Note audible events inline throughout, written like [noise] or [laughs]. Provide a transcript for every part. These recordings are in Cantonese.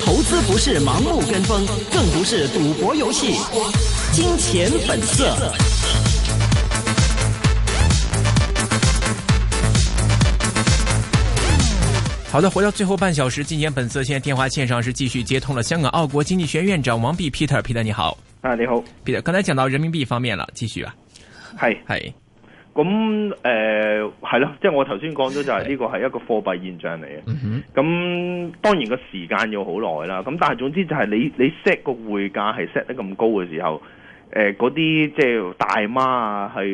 投資不是盲目跟風，更不是賭博遊戲。金錢本色。好的，回到最後半小時，金錢本色。現在電話線上是繼續接通了香港奧國經濟學院院長王弼 Peter，Peter 你好。啊，你好，Peter。剛才講到人民幣方面了，繼續啊。係，係。咁誒係咯，即係我頭先講咗就係呢個係一個貨幣現象嚟嘅。咁 [laughs] 當然個時間要好耐啦。咁但係總之就係你你 set 個匯價係 set 得咁高嘅時候，誒嗰啲即係大媽啊，係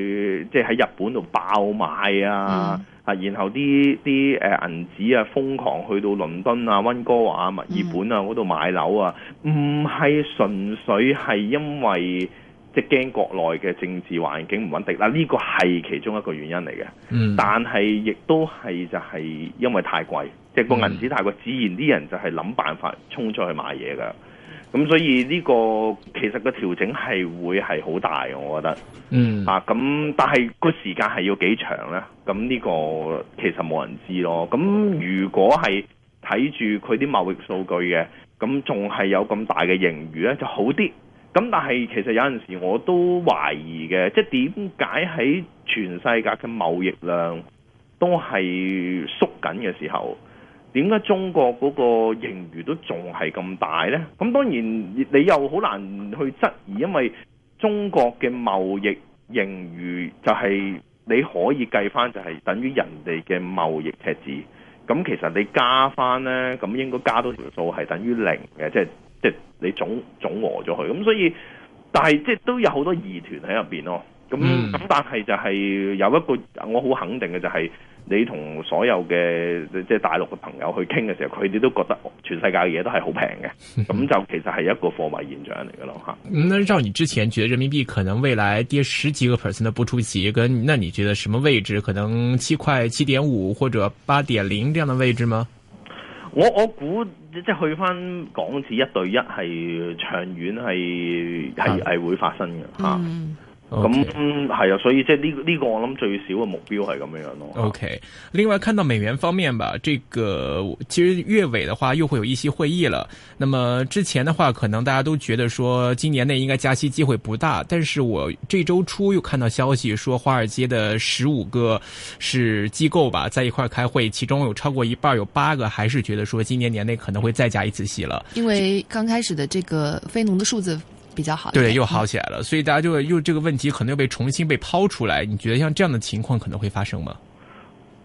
即係喺日本度爆買啊，啊然後啲啲誒銀紙啊瘋狂去到倫敦啊、溫哥華啊、墨爾本啊嗰度買樓啊，唔係純粹係因為，即係驚國內嘅政治環境唔穩定，呢、啊這個係其中一個原因嚟嘅。嗯、但係亦都係就係因為太貴，即、就、係、是、個銀紙太貴，嗯、自然啲人就係諗辦法衝出去買嘢噶。咁所以呢個其實個調整係會係好大，我覺得。嗯。啊，咁但係個時間係要幾長呢？咁呢個其實冇人知咯。咁如果係睇住佢啲貿易數據嘅，咁仲係有咁大嘅盈餘呢，就好啲。咁但係其實有陣時我都懷疑嘅，即係點解喺全世界嘅貿易量都係縮緊嘅時候，點解中國嗰個盈餘都仲係咁大呢？咁當然你又好難去質疑，因為中國嘅貿易盈餘就係你可以計翻，就係等於人哋嘅貿易赤字。咁其實你加翻呢，咁應該加多條數係等於零嘅，即係。即係你總總和咗佢，咁所以但係即係都有好多疑團喺入邊咯。咁咁、嗯、但係就係有一個我好肯定嘅就係你同所有嘅即係大陸嘅朋友去傾嘅時候，佢哋都覺得全世界嘅嘢都係好平嘅。咁就其實係一個貨幣現象嚟嘅咯嚇。那照你之前覺得人民幣可能未來跌十幾個 percent 都不出奇，跟那，你覺得什麼位置可能七塊七點五或者八點零這樣的位置嗎？我我估。即係去翻港紙一對一係長遠係係係會發生嘅吓、嗯咁 Okay, 嗯係啊，所以即係呢呢個我諗最少嘅目標係咁樣樣咯。OK，另外看到美元方面吧，這個其實月尾的話又會有議息會議了。那麼之前的話，可能大家都覺得說今年內應該加息機會不大，但是我這周初又看到消息說，華爾街的十五個是機構吧，在一塊開會，其中有超過一半有八個還是覺得說今年年內可能會再加一次息了。因為剛開始的這個非農的數字。比較好對，又好起來了，嗯、所以大家就會又這個問題可能又被重新被拋出來。你覺得像這樣的情況可能會發生嗎？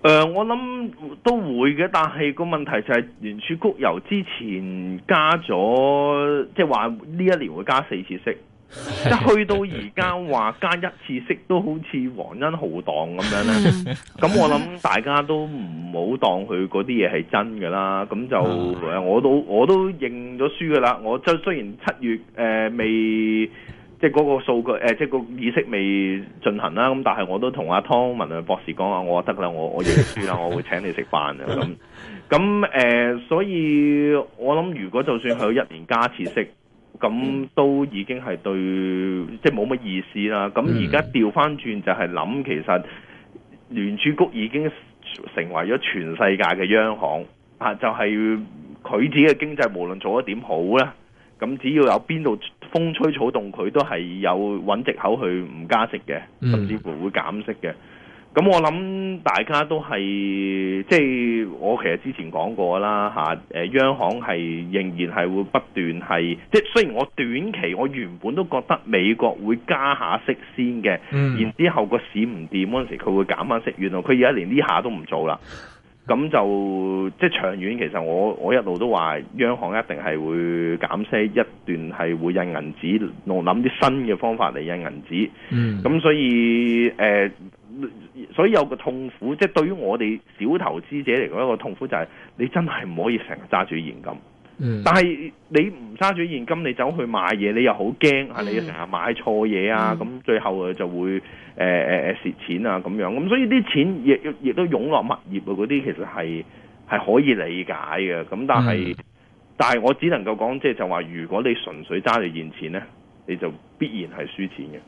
誒、呃，我諗都會嘅，但係個問題就係聯儲局由之前加咗，即係話呢一年會加四次息。去 [laughs] 到而家話加一次息都好似皇恩浩蕩咁樣咧，咁 [laughs] 我諗大家都唔好當佢嗰啲嘢係真噶啦。咁就 [laughs] 我都我都認咗輸噶啦。我即雖然七月誒、呃、未即係嗰個數據誒即係個議息未進行啦，咁但係我都同阿湯文博士講啊，我得噶啦，我我認輸啦， [laughs] 我會請你食飯啊咁。咁誒、呃，所以我諗如果就算佢一年加一次息。咁、嗯、都已經係對，即係冇乜意思啦。咁而家調翻轉就係諗，其實聯儲局已經成為咗全世界嘅央行就係、是、佢自己嘅經濟，無論做得點好咧，咁只要有邊度風吹草動，佢都係有揾藉口去唔加息嘅，甚至乎會減息嘅。咁我諗大家都係即係，我其實之前講過啦吓，誒央行係仍然係會不斷係，即係雖然我短期我原本都覺得美國會加下息先嘅，嗯，然之後個市唔掂嗰陣時佢會減下息，原來佢而家連呢下都唔做啦。咁就即係長遠，其實我我一路都話央行一定係會減息，一段係會印銀紙，我諗啲新嘅方法嚟印銀紙。咁，嗯，所以誒。呃所以有個痛苦，即係對於我哋小投資者嚟講，一個痛苦就係你真係唔可以成日揸住現金。嗯、但係你唔揸住現金，你走去買嘢，你又好驚啊！嗯、你成日買錯嘢啊，咁、嗯、最後啊就會誒誒誒蝕錢啊咁樣。咁所以啲錢亦亦都湧落物業啊，嗰啲其實係係可以理解嘅。咁但係、嗯、但係我只能夠講，即係就話、是、如果你純粹揸住現錢呢。你就必然係輸錢嘅。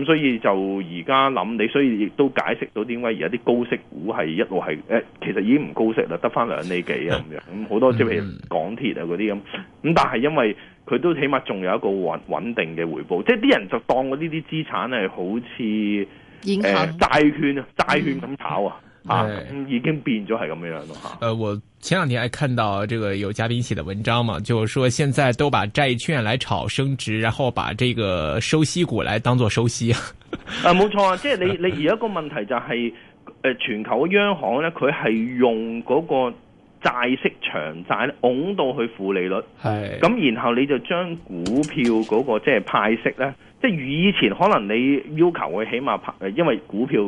咁所以就而家諗你，所以亦都解釋到點解而家啲高息股係一路係、欸，其實已經唔高息啦，得翻兩厘幾啊咁樣，咁好 [laughs] 多即係港鐵啊嗰啲咁。咁但係因為佢都起碼仲有一個穩定嘅回報，即係啲人就當我呢啲資產係好似誒、呃、債券啊債券咁炒啊。 [laughs] 啊，已經變咗係咁樣咯吓。誒、呃，我前兩天係看到這個有嘉賓寫的文章嘛，就係說現在都把債券來炒升值，然後把這個收息股來當做收息。啊，冇錯啊， [laughs] 即係你你而家個問題就係、是、誒、呃，全球央行咧，佢係用嗰、那個。債息長債咧，拱到去負利率，咁的然後你就將股票嗰個即係派息咧，即、就、係、是、以前可能你要求佢起碼派，因為股票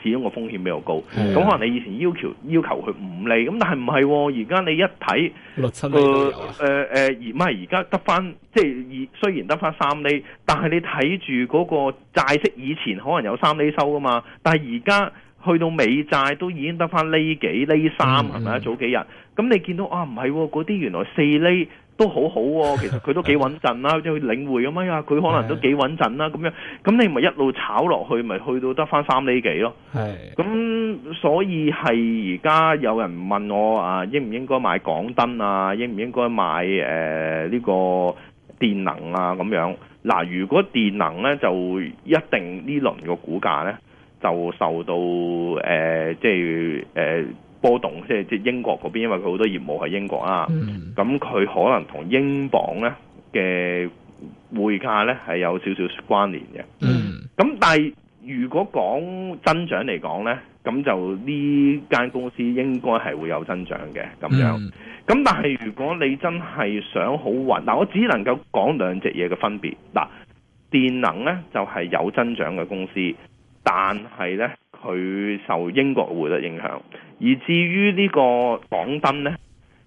始終個風險比較高，咁的可能你以前要求要求佢五厘咁，但係唔係，而家你一睇六七厘都有啦，而唔係而家得翻，即係、呃、雖然得翻三厘，但係你睇住嗰個債息以前可能有三厘收噶嘛，但係而家。去到美債都已經得翻呢幾呢、嗯、三係咪啊？早幾日咁你見到啊唔係喎，嗰啲、啊、原來四厘都好好、啊、喎，其實佢都幾穩陣啦、啊，即 [laughs] 領領匯咁啊呀，佢可能都幾穩陣啦、啊、咁樣，咁你咪一路炒落去，咪去到得翻三厘幾咯。係咁是，所以係而家有人問我啊，應唔應該買港燈啊？應唔應該買呢、呃這個電能啊？咁樣嗱、啊，如果電能呢，就一定呢輪個股價呢。就受到誒、呃，即係誒、呃、波動，即係即係英國嗰邊，因為佢好多業務係英國啊。咁佢、嗯、可能同英鎊咧嘅匯價咧係有少少關聯嘅。咁、嗯、但係如果講增長嚟講咧，咁就呢間公司應該係會有增長嘅咁樣。咁、嗯、但係如果你真係想好穩，嗱，我只能夠講兩隻嘢嘅分別。嗱，電能咧就係有增長嘅公司。但係呢，佢受英國匯率影響。而至於呢個港燈呢，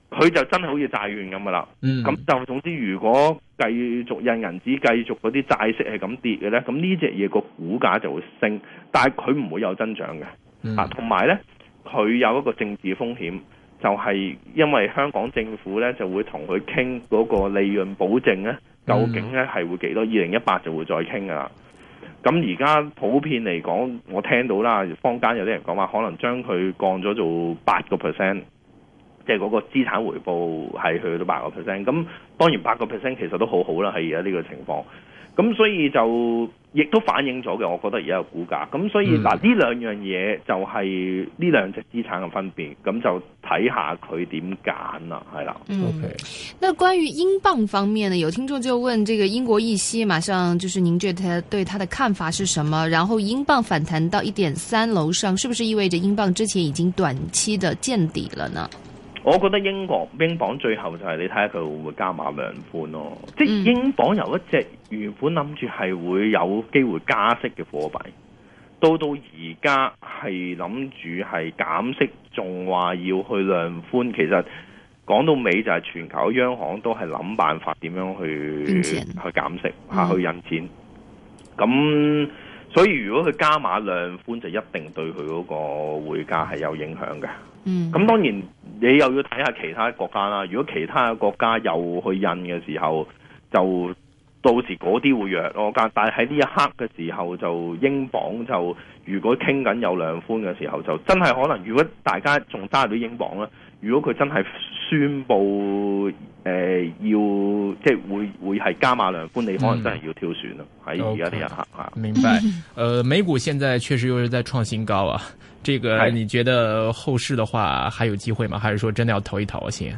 佢就真係好似債券咁噶啦。嗯，咁就總之，如果繼續印銀紙、繼續嗰啲債息係咁跌嘅呢，咁呢隻嘢個股價就會升，但係佢唔會有增長嘅。嗯、啊，同埋呢，佢有一個政治風險，就係、是、因為香港政府呢就會同佢傾嗰個利潤保證呢，究竟呢係會幾多少？二零一八就會再傾噶啦。咁而家普遍嚟講，我聽到啦，坊間有啲人講話，可能將佢降咗做八個 percent，即係嗰個資產回報係去到八個 percent。咁當然八個 percent 其實都好好啦，喺而家呢個情況。咁所以就亦都反映咗嘅，我覺得而家個股價咁，所以嗱呢兩樣嘢就係呢兩隻資產嘅分別，咁就睇下佢點揀啦，係啦。嗯，OK，那關於英鎊方面呢？有聽眾就問：這個英國議息，馬上就是您對它對它的看法是什麼？然後英鎊反彈到一點三樓上，是不是意味着英鎊之前已經短期的見底了呢？我覺得英國英鎊最後就係你睇下佢會唔會加碼量寬咯，即英鎊由一隻原本諗住係會有機會加息嘅貨幣，到到而家係諗住係減息，仲話要去量寬，其實講到尾就係全球央行都係諗辦法點樣去去減息嚇錢去引錢。咁、嗯、所以如果佢加碼量寬，就一定對佢嗰個匯價係有影響嘅。嗯，咁當然。你又要睇下其他國家啦，如果其他國家又去印嘅時候，就到時嗰啲會弱咯。但係喺呢一刻嘅時候就，就英鎊就如果傾緊有量寬嘅時候，就真係可能。如果大家仲揸到英鎊啦，如果佢真係宣布。誒、呃，要即係會會係加碼量觀，你可能真係要挑選咯。喺而家啲人吓，明白？誒、呃，美股現在確實又是在創新高啊！這個你覺得後市的話，還有機會嗎？還是說真的要投一投先？誒、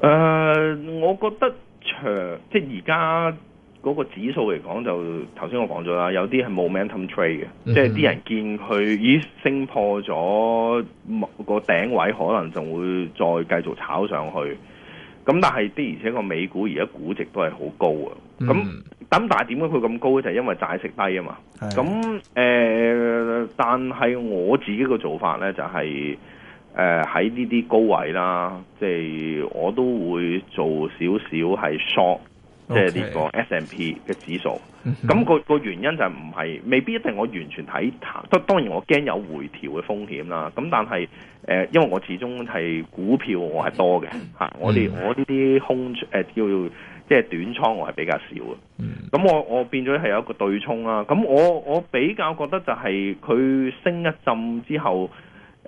呃，我覺得長即係而家嗰個指數嚟講，就頭先我講咗啦，有啲係冇 momentum trade 嘅，嗯、即係啲人見佢已經升破咗個頂位，可能就會再繼續炒上去。咁但係的，而且個美股而家估值都係好高啊！咁、嗯，咁但係點解佢咁高呢？就係、是、因為債息低啊嘛。咁誒是的、呃，但係我自己嘅做法咧，就係誒喺呢啲高位啦，即、就、係、是、我都會做少少係 short，即係呢個 S&P 嘅指數。咁個個原因就唔係，未必一定我完全睇淡。都當然我驚有回調嘅風險啦。咁但係，誒、呃，因為我始終係股票我係多嘅吓、嗯，我哋、呃就是、我呢啲空誒叫即係短倉我係比較少嘅。咁、嗯、我我變咗係有一個對沖啦。咁我我比較覺得就係佢升一浸之後，誒、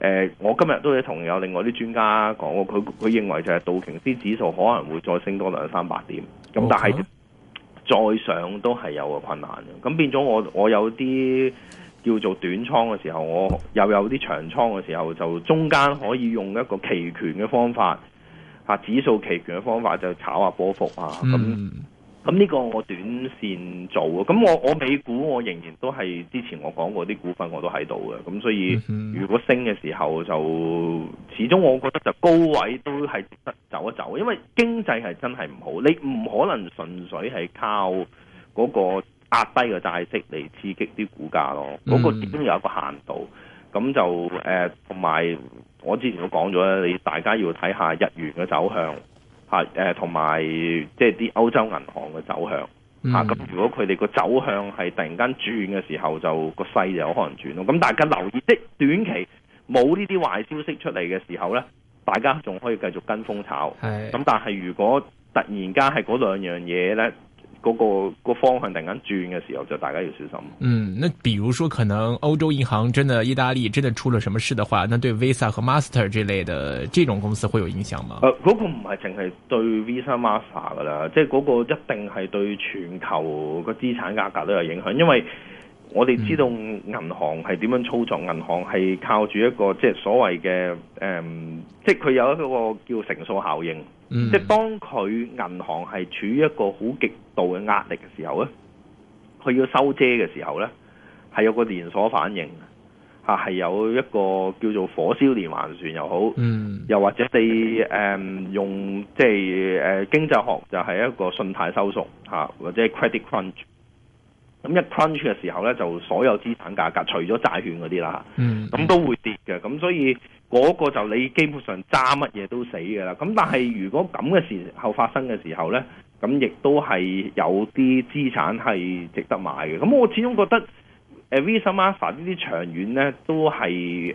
呃，我今日都同有另外啲專家講過，我佢佢認為就係道瓊斯指數可能會再升多兩三百點。咁但係。Okay. 再上都係有個困難嘅，咁變咗我我有啲叫做短倉嘅時候，我又有啲長倉嘅時候，就中間可以用一個期權嘅方法，啊指數期權嘅方法就炒下波幅啊，咁咁呢個我短線做嘅，咁我我美股我仍然都係之前我講過啲股份我都喺度嘅，咁所以如果升嘅時候就，始終我覺得就高位都係，走一走，因為經濟係真係唔好，你唔可能純粹係靠嗰個壓低嘅債息嚟刺激啲股價咯。嗰、那個始終有一個限度。咁就誒，同、呃、埋我之前都講咗啦，你大家要睇下日元嘅走向吓，誒同埋即係啲歐洲銀行嘅走向吓。咁、啊、如果佢哋個走向係突然間轉嘅時候，就個勢就有可能轉咯。咁大家留意，即、就是、短期冇呢啲壞消息出嚟嘅時候咧。大家仲可以繼續跟風炒，咁是但係如果突然間係嗰兩樣嘢咧，嗰、那個方向突然間轉嘅時候，就大家要小心。嗯，那比如說，可能歐洲銀行真的、意大利真的出了什麼事的話，那對 Visa 和 Master 之類的這種公司會有影響嗎？誒，嗰、呃那個唔係淨係對 Visa Master 噶啦，即係嗰個一定係對全球個資產價格都有影響，因為，我哋知道銀行係點樣操作，銀行係靠住一個即係所謂嘅誒、嗯，即係佢有一個叫乘數效應。嗯、即係當佢銀行係處於一個好極度嘅壓力嘅時候咧，佢要收遮嘅時候咧，係有個連鎖反應，嚇係有一個叫做火燒連環船又好，嗯、又或者你、嗯、用即係、呃、經濟學就係一個信貸收縮或者 credit crunch。咁一 crunch 嘅時候咧，就所有資產價格除咗債券嗰啲啦，咁都會跌嘅。咁所以嗰個就你基本上揸乜嘢都死嘅啦。咁但係如果咁嘅時候發生嘅時候咧，咁亦都係有啲資產係值得買嘅。咁我始終覺得，誒 Visa、Master 呢啲長遠咧都係誒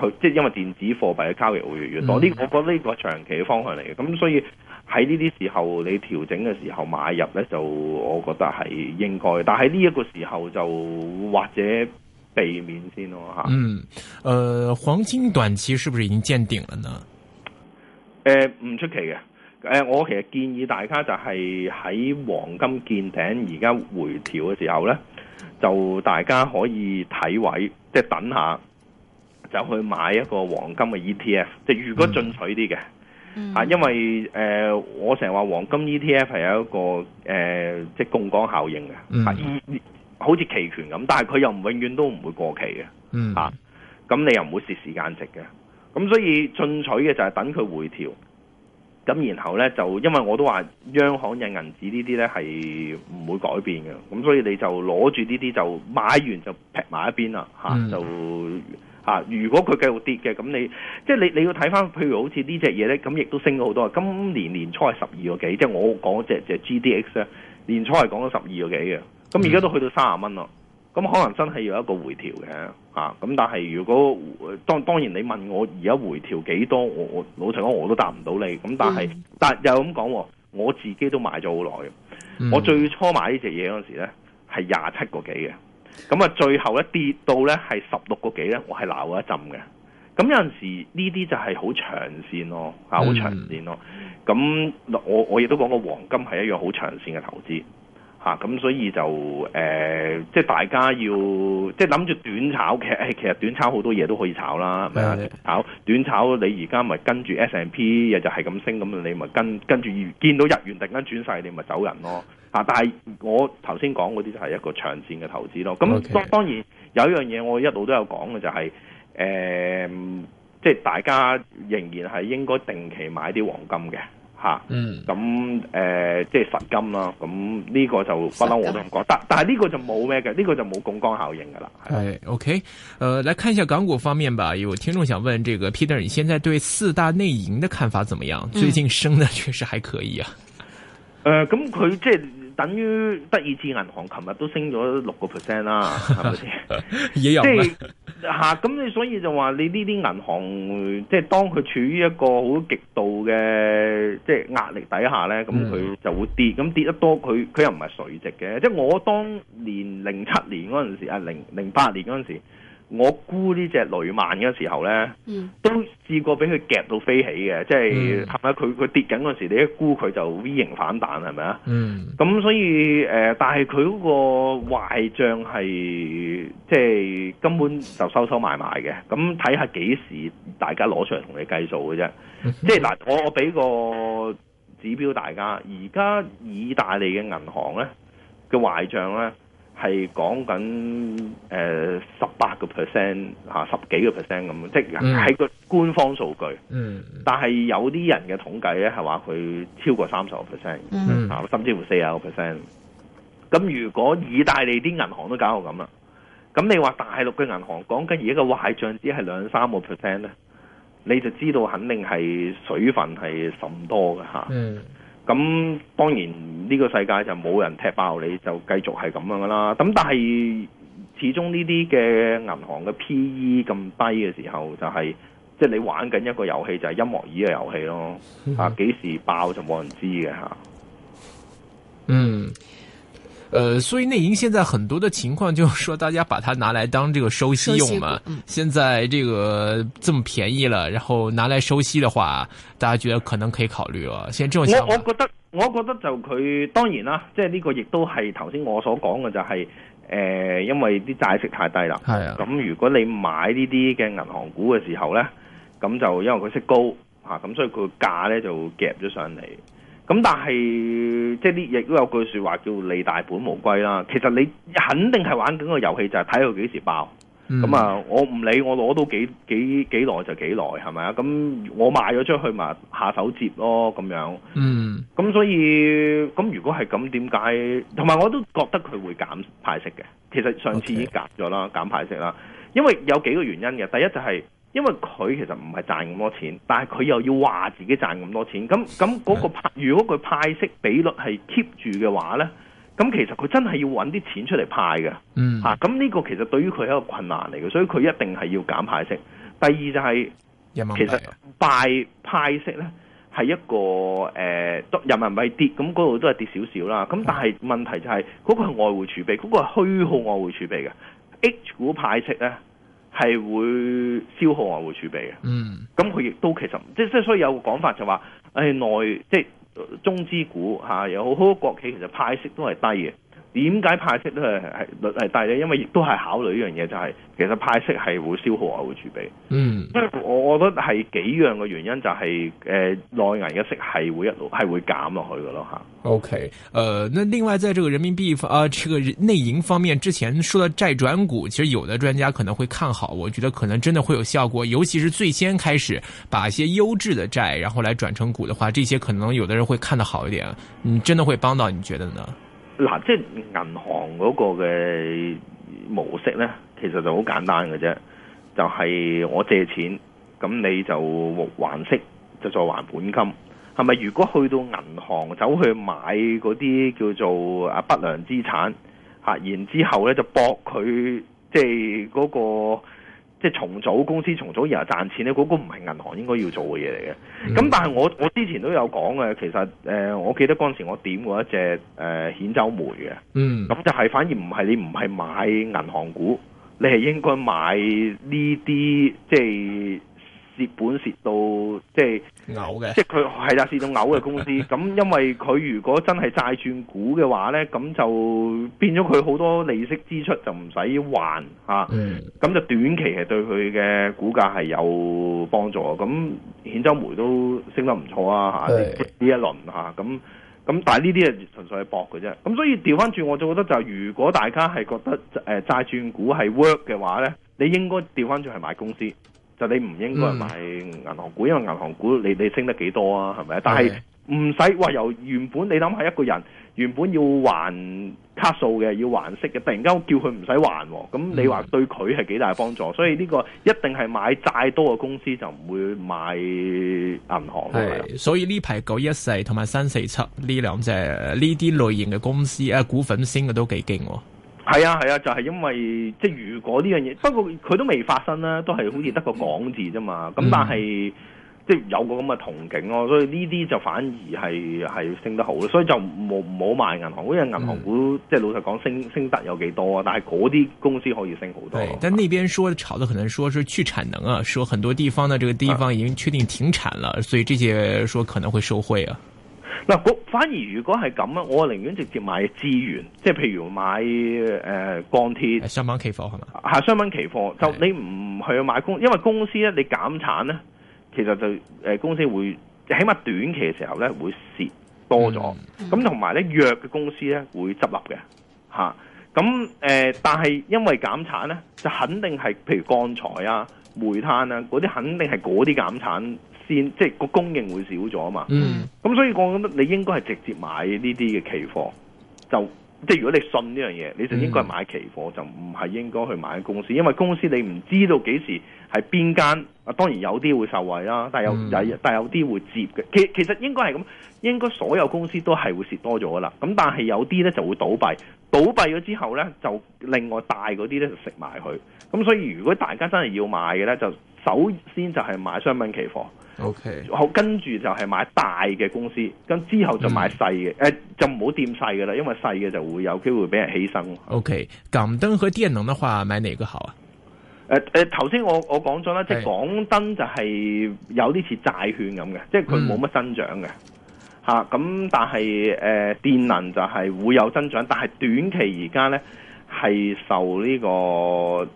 佢即係因為電子貨幣嘅交易會越越多，呢、mm hmm. 我覺得呢個係長期嘅方向嚟嘅。咁所以。喺呢啲時候你調整嘅時候買入呢，就我覺得係應該。但係呢一個時候就或者避免先咯吓。嗯，誒、呃，黃金短期是不是已經見頂了呢？誒、呃，唔出奇嘅。誒、呃，我其實建議大家就係喺黃金見頂而家回調嘅時候呢，就大家可以睇位，即係等下就去買一個黃金嘅 ETF，即係如果進取啲嘅。嗯、因為誒、呃，我成日話黃金 ETF 係有一個誒、呃，即係槓桿效應嘅、嗯，好似期權咁，但係佢又唔永遠都唔會過期嘅，吓、嗯，咁、啊、你又唔會蝕時間值嘅，咁所以進取嘅就係等佢回調，咁然後咧就，因為我都話央行印銀紙呢啲咧係唔會改變嘅，咁所以你就攞住呢啲就買完就劈埋一邊啦，吓、嗯啊、就。啊！如果佢繼續跌嘅，咁你即係你你要睇翻，譬如好似呢隻嘢咧，咁亦都升咗好多。今年年初係十二個幾，即係我講隻隻 GDX 咧，年初係講咗十二個幾嘅。咁而家都去到三十蚊咯。咁可能真係有一個回調嘅。啊！咁但係如果當當然你問我而家回調幾多，我我老實講我都答唔到你。咁但係、嗯、但又咁講，我自己都買咗好耐。我最初買這隻的呢隻嘢嗰陣時咧，係廿七個幾嘅。咁啊，最後一跌到咧係十六個幾咧，我係鬧一陣嘅。咁有陣時呢啲就係好長線咯，吓好長線咯。咁、mm hmm. 我我亦都講過黃金係一樣好長線嘅投資咁、啊、所以就、呃、即係大家要即係諗住短炒嘅。其實短炒好多嘢都可以炒啦，係咪啊？Hmm. 短炒短炒你而家咪跟住 S&P 嘢就係咁升，咁你咪跟跟住見到日元突然間轉晒，你咪走人咯。吓、啊！但係我頭先講嗰啲就係一個長線嘅投資咯。咁當然有一樣嘢，我一路都有講嘅就係、是，誒、呃，即係大家仍然係應該定期買啲黃金嘅吓。嗯。咁誒、啊呃，即係實金啦。咁呢個就不，不嬲我都唔講。但係呢個就冇咩嘅，呢、這個就冇槓桿效應噶啦。誒、哎、OK，誒、呃，來看一下港股方面吧。有聽眾想問，這個 Peter，你現在對四大內銀的看法怎麼樣？嗯、最近升得確實還可以啊。誒，咁佢、呃、即係等於德意志銀行，琴日都升咗六個 percent 啦，係咪先？即係吓，咁你、 [laughs] 啊、所以就話你呢啲銀行，即係當佢處於一個好極度嘅即係壓力底下咧，咁佢就會跌，咁跌得多，佢佢又唔係垂直嘅，即係我當年零七年嗰陣時，啊零零八年嗰陣時。我沽呢隻雷曼嘅時候呢，嗯、都試過俾佢夾到飛起嘅，即係係咪？佢佢、嗯、跌緊嗰時，你一沽佢就 V 型反彈係咪啊？咁、嗯、所以、呃、但係佢嗰個壞賬係即係根本就收收埋埋嘅，咁睇下幾時大家攞出嚟同你計數嘅啫。嗯、即係嗱，我我俾個指標大家，而家意大利嘅銀行呢，嘅壞賬呢。係講緊誒十八個 percent 吓，十幾個 percent 咁，即係個官方數據。嗯。但係有啲人嘅統計咧，係話佢超過三十個 percent，嗯，吓甚至乎四十個 percent。咁如果意大利啲銀行都搞到咁啦，咁你話大陸嘅銀行講緊而家嘅壞賬只係兩三個 percent 咧，你就知道肯定係水分係甚多嘅吓。啊、嗯。咁當然呢個世界就冇人踢爆你，就繼續係咁樣噶啦。咁但係始終呢啲嘅銀行嘅 PE 咁低嘅時候，就係，就係即係你玩緊一個遊戲，就係音樂椅嘅遊戲咯。啊，幾時爆就冇人知嘅嚇。嗯。呃，所以內銀現在很多的情況，就說大家把它拿來當這個收息用嘛。現在這個這麼便宜了，然後拿來收息的話，大家覺得可能可以考慮咯。現在這種情況，我我覺得，我覺得就佢當然啦，即係呢個亦都係頭先我所講嘅就係、是、誒、呃，因為啲債息太低啦。係是啊，咁如果你買呢啲嘅銀行股嘅時候呢，咁就因為佢息高吓，咁所以佢價呢就夾咗上嚟。咁但係即係啲亦都有句説話叫利大本無歸啦。其實你肯定係玩緊個遊戲，就係睇佢幾時爆。咁啊、嗯嗯，我唔理，我攞到幾幾幾耐就幾耐係咪啊？咁我賣咗出去咪下手接咯咁樣。嗯。咁所以咁如果係咁，點解同埋我都覺得佢會減派息嘅？其實上次已經減咗啦，Okay. 減派息啦。因為有幾個原因嘅，第一就係、是。因為佢其實唔係賺咁多錢，但係佢又要話自己賺咁多錢，咁咁嗰個派如果佢派息比率係 keep 住嘅話呢，咁其實佢真係要揾啲錢出嚟派嘅，吓咁呢個其實對於佢係一個困難嚟嘅，所以佢一定係要減派息。第二就係、是，其實派派息呢係一個誒、呃、人民幣跌咁嗰度都係跌少少啦，咁但係問題就係、是、嗰、嗯、個係外匯儲備嗰、那個係虛耗外匯儲備嘅，H 股派息呢。係會消耗外匯儲備嘅，嗯，咁佢亦都其實即係即係所以有個講法就話，誒，內即係中資股嚇，有好多國企其實派息都係低嘅。點解派息都係係係大，因為亦都係考慮呢樣嘢，就係、是、其實派息係會消耗啊，會儲備。嗯，我我覺得係幾樣嘅原因，就是，就係誒內銀嘅息係會一路係會減落去㗎咯吓。O、okay, K，呃那另外在這個人民幣方啊，這個內銀方面，之前說到債轉股，其實有的專家可能會看好，我覺得可能真的會有效果，尤其是最先開始把一些優質的債然後來轉成股的話，這些可能有的人會看得好一點，嗯，真的會幫到，你覺得呢？嗱、啊，即係銀行嗰個嘅模式呢，其實就好簡單嘅啫，就係、是、我借錢，咁你就還息，就再還本金，係咪？如果去到銀行走去買嗰啲叫做啊不良資產，嚇、啊，然之後呢就搏佢，即係嗰、那個。即係重組公司，重組然後賺錢咧，嗰、那個唔係銀行應該要做嘅嘢嚟嘅。咁、嗯、但係我我之前都有講嘅，其實誒、呃，我記得嗰陣時我點過一隻誒兗州煤嘅。呃、的嗯，咁就係反而唔係你唔係買銀行股，你係應該買呢啲即係。蝕本蝕到即係嘔嘅，即係佢係啦，蝕到嘔嘅公司。咁 [laughs] 因為佢如果真係債轉股嘅話呢，咁就變咗佢好多利息支出就唔使還吓，咁、嗯、就短期係對佢嘅股價係有幫助。咁兗州煤都升得唔錯啊吓，呢的一輪吓咁咁，但係呢啲係純粹係搏嘅啫。咁所以調翻轉，我就覺得就係如果大家係覺得誒債轉股係 work 嘅話呢，你應該調翻轉係買公司。就你唔應該買銀行股，因為銀行股你你升得幾多啊？係咪？但係唔使話由原本你諗係一個人原本要還卡數嘅，要還息嘅，突然間我叫佢唔使還，咁你話對佢係幾大幫助？所以呢個一定係買債多嘅公司就唔會買銀行嘅。所以呢排九一四同埋三四七呢兩隻呢啲類型嘅公司啊，股份升嘅都幾勁。係啊，係啊，就係、是、因為即係如果呢樣嘢，不過佢都未發生啦，都係好似得個港字」字啫嘛。咁但係即係有個咁嘅同景咯，所以呢啲就反而係係升得好，所以就冇好賣銀行，因為銀行股即係老實講升升得有幾多啊。但係嗰啲公司可以升好多，嗯。但那邊說炒得可能說是去產能啊，說很多地方呢這個地方已經確定停產啦，嗯、所以這些說可能會受惠啊。嗱，反而如果係咁啊，我寧願直接買資源，即係譬如買誒鋼鐵、呃、商品期貨係嘛？吓，商品期貨就你唔去買公司，是的 因為公司咧你減產咧，其實就誒、呃、公司會起碼短期嘅時候咧會蝕多咗。咁同埋咧弱嘅公司咧會執笠嘅吓。咁、啊、誒、呃，但係因為減產咧，就肯定係譬如鋼材啊、煤炭啊嗰啲，嗰啲肯定係嗰啲減產。即係個供應會少咗啊嘛，咁、嗯、所以我覺得你應該係直接買呢啲嘅期貨，就即係如果你信呢樣嘢，你就應該買期貨，就唔係應該去買公司，因為公司你唔知道幾時係邊間，當然有啲會受惠啦，但係有、嗯、但係有啲會蝕嘅，其其實應該係咁，應該所有公司都係會蝕多咗噶啦，咁但係有啲咧就會倒閉，倒閉咗之後咧就另外大嗰啲咧就食埋佢，咁所以如果大家真係要買嘅咧，就首先就係買商品期貨。O K，好，跟住就係買大嘅公司，咁之後就買細嘅，誒、嗯呃、就唔好掂細嘅啦，因為細嘅就會有機會俾人犧牲。O、okay, K，港燈和電能的話買哪個好啊？誒誒、呃、頭、呃、先我我講咗啦，即係港燈就係有啲似債券咁嘅，即係佢冇乜增長嘅吓，咁、嗯啊、但係誒、呃、電能就係會有增長，但係短期而家咧。係受呢、這個誒、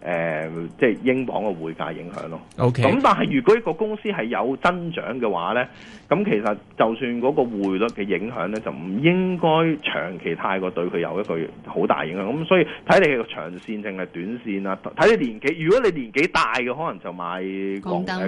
呃，即係英鎊嘅匯價影響咯。O K. 咁但係如果一個公司係有增長嘅話咧，咁其實就算嗰個匯率嘅影響咧，就唔應該長期太過對佢有一個好大影響。咁、嗯、所以睇你嘅長線定係短線啊，睇你年紀。如果你年紀大嘅，可能就買誒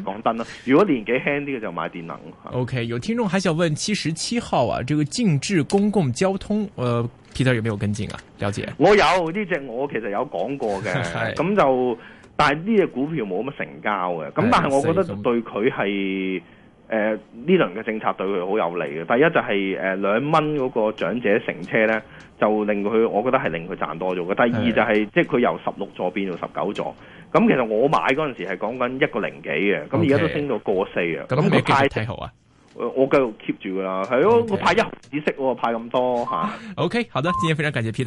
港燈啦、呃。如果年紀輕啲嘅就買電能。O、okay, K. 有聽眾還想問七十七號啊，這個靜置公共交通，誒、呃。Peter 有冇跟進啊？了解、啊，我有呢隻我其實有講過嘅，咁 [laughs] 是就但係呢隻股票冇乜成交嘅，咁、哎、但係我覺得對佢係誒呢輪嘅政策對佢好有利嘅。第一就係誒兩蚊嗰個長者乘車呢，就令佢我覺得係令佢賺多咗嘅。第二就係即係佢由十六座變到十九座，咁其實我買嗰陣時係講緊一個零幾嘅，咁而家都升到過四啊，咁你繼續睇好啊？我繼續 keep 住噶啦，係、哎、咯，Okay. 我派一毫子息，我派咁多吓。啊、OK，好的，今天非常感謝 Peter。